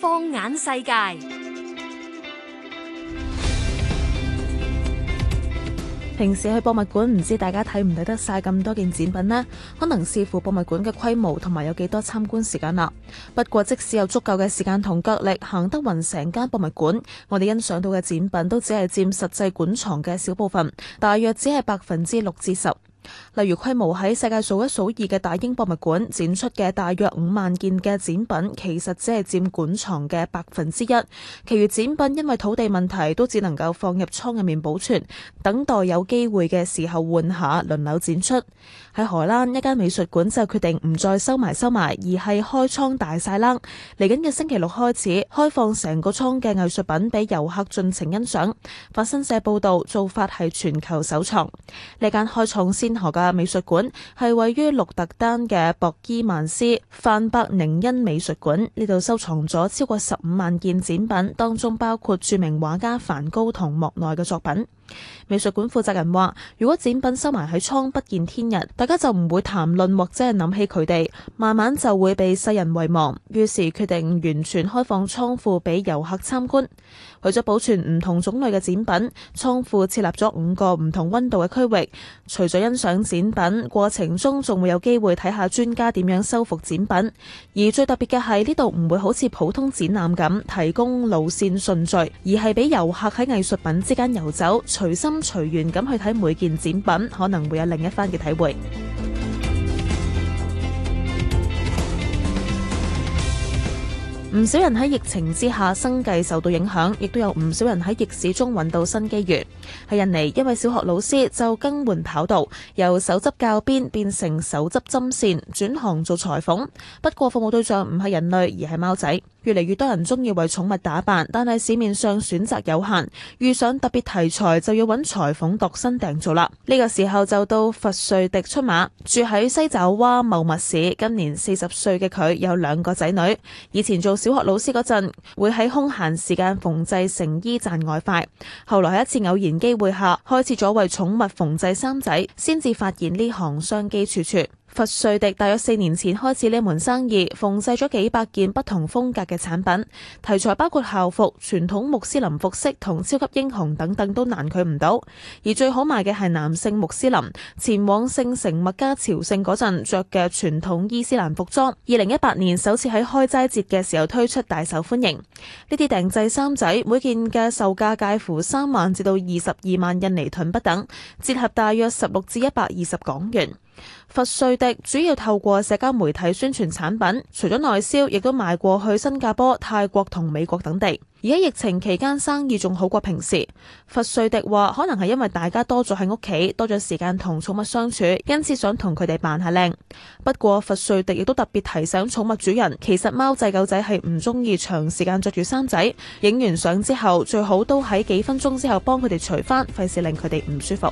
放眼世界，平時去博物館唔知大家睇唔睇得晒咁多件展品呢？可能視乎博物館嘅規模同埋有幾多參觀時間啦。不過即使有足夠嘅時間同腳力行得匀成間博物館，我哋欣賞到嘅展品都只係佔實際館藏嘅小部分，大約只係百分之六至十。例如規模喺世界數一數二嘅大英博物館展出嘅大約五萬件嘅展品，其實只係佔館藏嘅百分之一，其餘展品因為土地問題都只能夠放入倉入面保存，等待有機會嘅時候換下輪流展出。喺荷蘭一間美術館就決定唔再收埋收埋，而係開倉大晒冷！嚟緊嘅星期六開始開放成個倉嘅藝術品俾遊客盡情欣賞。法新社報道，做法係全球首創。呢間開倉先。河嘅美術館係位於鹿特丹嘅博伊曼斯范伯寧恩美術館，呢度收藏咗超過十五萬件展品，當中包括著名畫家梵高同莫奈嘅作品。美術館負責人話：如果展品收埋喺倉不見天日，大家就唔會談論或者係諗起佢哋，慢慢就會被世人遺忘。於是決定完全開放倉庫俾遊客參觀。為咗保存唔同種類嘅展品，倉庫設立咗五個唔同温度嘅區域。除咗欣賞展品過程中，仲會有機會睇下專家點樣修復展品。而最特別嘅係呢度唔會好似普通展覽咁提供路線順序，而係俾遊客喺藝術品之間遊走。隨心隨緣咁去睇每件展品，可能會有另一番嘅體會。唔 少人喺疫情之下生計受到影響，亦都有唔少人喺逆市中揾到新機遇。喺印尼，一位小學老師就更換跑道，由手執教鞭變成手執針線，轉行做裁縫。不過服務對象唔係人類，而係貓仔。越嚟越多人中意為寵物打扮，但係市面上選擇有限，遇上特別題材就要揾裁縫度身訂做啦。呢、這個時候就到佛瑞迪出馬。住喺西爪哇茂物市，今年四十歲嘅佢有兩個仔女。以前做小學老師嗰陣，會喺空閒時間縫製成衣賺外快。後來喺一次偶然機會下，開始咗為寵物縫製衫仔，先至發現呢行商機處處。佛瑞迪大約四年前開始呢門生意，縫製咗幾百件不同風格嘅產品，題材包括校服、傳統穆斯林服飾同超級英雄等等，都難佢唔到。而最好賣嘅係男性穆斯林前往聖城麥加朝聖嗰陣著嘅傳統伊斯蘭服裝。二零一八年首次喺開齋節嘅時候推出，大受歡迎。呢啲訂製衫仔每件嘅售價介乎三萬至到二十二萬印尼盾不等，折合大約十六至一百二十港元。佛瑞迪主要透過社交媒體宣傳產品，除咗內銷，亦都賣過去新加坡、泰國同美國等地。而喺疫情期間，生意仲好過平時。佛瑞迪話，可能係因為大家多咗喺屋企，多咗時間同寵物相處，因此想同佢哋扮下靚。不過，佛瑞迪亦都特別提醒寵物主人，其實貓仔狗仔係唔中意長時間着住衫仔，影完相之後最好都喺幾分鐘之後幫佢哋除翻，費事令佢哋唔舒服。